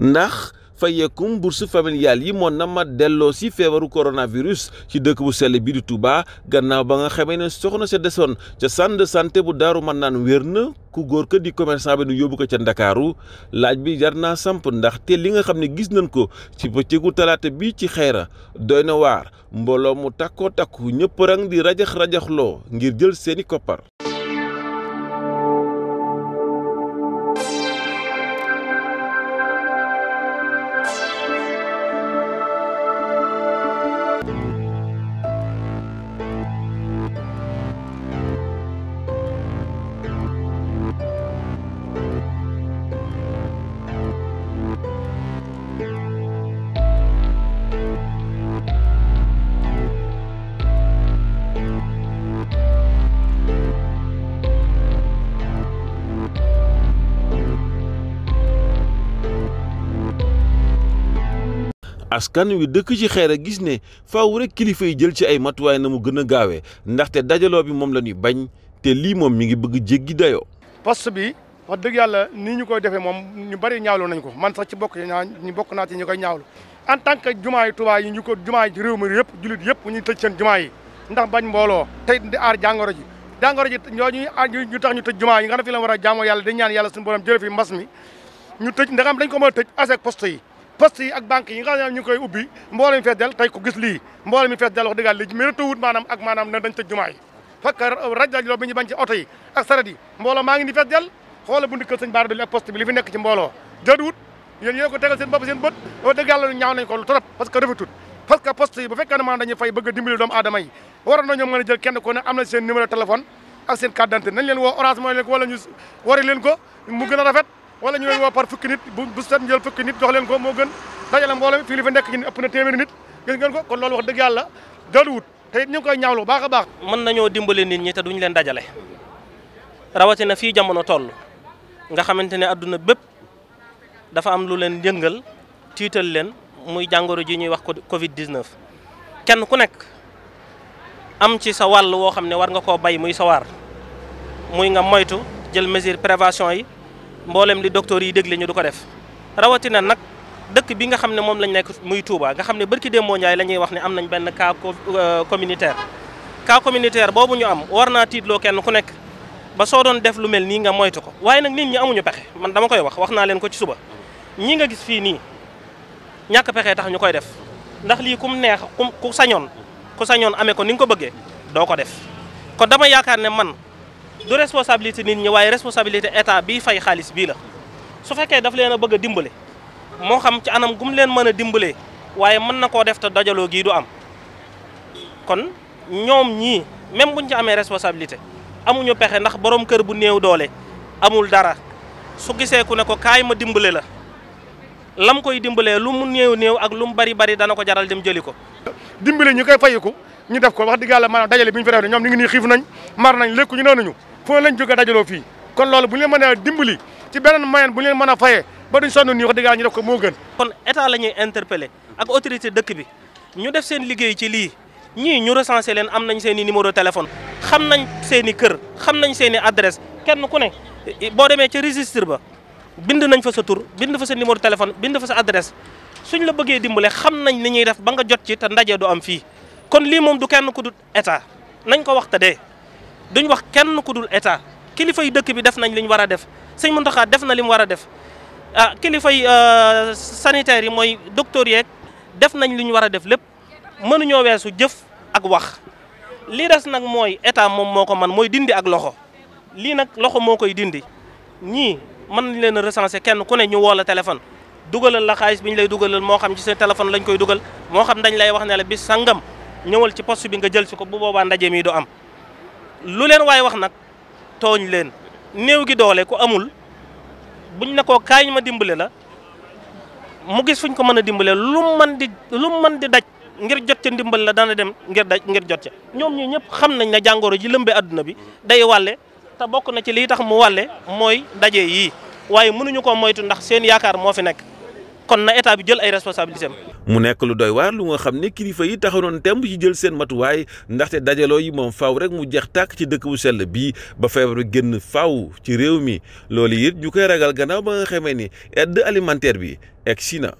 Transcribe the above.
ndax fa fayeekum bourse familiale yi moon na ma delloo si feebaru coronavirus ci dëkk bu sell bi di Touba gannaaw ba nga xamee ne soxna sa desoon ca centre de santé bu daaru mën naan wér na ku góor ko di commerçant bi nu yóbbu ko ca ndakaaru laaj bi jar naa samp ndax te li nga xam ne gis nañ ko ci bëccëgu talaata bi ci xayra doy na waar mbooloo mu takkoo takku ñëpp rang di rajax rajaxloo ngir jël seeni koppar askan wi dëkk ci xeer gis ne faaw rek kilifa yi jël ci ay matuwaay na mu gën a gaawee ndaxte dajaloo bi moom la ñuy bañ te lii moom mi ngi bëgg jéggi dayoo. poste bi wax dëgg yàlla nii ñu koy defee moom ñu bari ñaawlu nañ ko man sax ci bokk naa ñu bokk naa ci ñu koy ñaawlu en tant que jumaa yi Tuubaa yi ñu ko jumaa yi réew mi yëpp jullit yëpp ñuy tëj seen jumaa yi ndax bañ mbooloo tey di aar jàngoro ji jàngoro ji ñooñu ñu tax ñu tëj jumaa yi nga xam ne a jaamoo yàlla di ñaan yàlla suñu borom jëlee fi mbas mi ñu tëj ndax am dañ ko mën a tëj asek poste poste yi ak banque yi nga xam koy ubbi mbooloo mi fees del tey ko gis lii mbooloo mi fees del wax dëgg yàlla li mérite wut maanaam ak maanaam ne dañ tëj jumaa yi fekk raj raj loo bi bañ ci oto yi ak saret yi mbooloo maa ngi ni fees del xoola bundi kër baara doli ak poste bi fi nekk ci mbooloo jëduwut yéen yéen ko tegal seen bopp seen bët wax dëgg yàlla ñaaw nañ ko lu trop parce que rafetul parce que yi bu fekkee ne maanaam dañuy fay bëgg a dimbali wala ñu leen wapar par fukki nit bu bu set jël fukk nit dox leen ko mo gën dajale mboolem fi li fa nek ñu ëpp na téméré nit gën gën ko kon loolu wax dëgg yàlla daluwut te it ñu koy ñaawlu baax baax mën nañu dimbalé nit ñi te duñ leen rawati rawatina fi jamono toll nga xamantene aduna bëpp dafa am lu leen yëngal tital leen muy jangoro ji ñuy wax covid 19 kenn ku nek am ci sa wàll wo xamne war nga ko bay muy sa waar muy nga moytu jël mesure prévention yi mboolem li docteur yi dégle ñu du ko def rawatina nag dëkk bi nga xam ne moom lañ nekk muy Touba nga xam ne barki démboo Ndiaye la ñuy wax ne am nañ benn cas euh, communautaire. cas communautaire boobu ñu am war naa tiitloo kenn ku nekk ba soo doon def lu mel nii nga moytu ko waaye nag nit ñi amuñu pexe man dama koy wax wax naa leen ko ci suba ñi nga gis fii nii ñàkk pexe tax ñu koy def ndax lii kum neex ku sañoon ku sañoon amee ko ni ko bëggee doo ko def du responsabilité nit ñi waaye responsabilité état bi fay xaalis bii la su fekkee daf leen a bëgg a dimbale xam ci anam gum leen mën a mana ko mën na koo def du am kon nyom ni même buñ ci amee responsabilité amuñu pexe ndax borom kër bu néew doole amul dara su gisee ku ne ko kaay ma dimbale la lam koy dimbalee lu mu néew néew ak lu bari bari dana ko jaral dem jëli ko. dimbale ñu koy fayiku ñu def ko wax dëgg yàlla maanaam dajale bi ñu fi def ne ñoom ñu ngi nii xiif nañ mar nañ lekku ñu nañu foo lañ jóge dajalo fi kon lolu buñu ñu dimbali ci benen moyen buñu ñu fayé ba duñ sonu nii wax dëgg ñu def ko mo gën. kon état lañuy interpeller ak autorité dëkk bi ñu def seen liggéey ci li ñi ñu recenser leen am nañ seen numéro téléphone xam nañ seen kër xam nañ seen adresse kenn ku ne bo démé ci registre ba bind nañ fa sa tour bind fa sa numéro téléphone bind fa sa adresse suñ la bëggee dimbalé xam nañ ni ñuy def ba nga jot ci ta ndaje du am fi kon li mom du kenn ku dut état nañ ko wax ta dee duñ wax kenn ku dul état kilifa yi dëkk bi def nañ li ñu war a def sëñ Mountakha def na li mu war a def ah kilifa yi euh, yi mooy docteur yeeg def nañ li ñu war a def lépp mënuñoo weesu jëf ak wax. li des nag mooy état moom moo ko man mooy dindi ak loxo lii nag loxo moo koy dindi ñii mën nañ leen a recenser kenn ku ne ñu woo la téléphone. dugalal la xaalis bi ñu lay dugalal moo xam ci seen téléphone lañ koy dugal moo xam dañ lay wax ne la bis sangam ñëwal ci post bi nga jël si ko bu boobaa ndaje mi du am. lu leen waaye wax nag tooñ leen néew gi doole ku amul buñ ne koo kaay ma dimbale la mu gis fuñ ko mën a dimbale lu mën di lu mën di daj ngir jot ca ndimbal la dana dem ngir daj ngir jot ca ñoom ñi ñëpp xam nañ ne jàngoro ji lëmbee adduna bi day wàlle te bokk na ci lii tax mu walle mooy daje yii waaye mënuñu koo moytu ndax seen yaakaar moo fi nekk kon na état bi jël ay responsabilités mu nekk lu doy waar lu nga xam ne kilifa yi taxawoon temb ci jël seen matuwaay ndaxte dajaloo yi moom faw rek mu jeex tàkk ci dëkk bu sell bii ba feebar bi génn faw ci réew mi loolu it ñu koy ragal gannaaw ba nga xamee ni aide alimentaire bi egg si na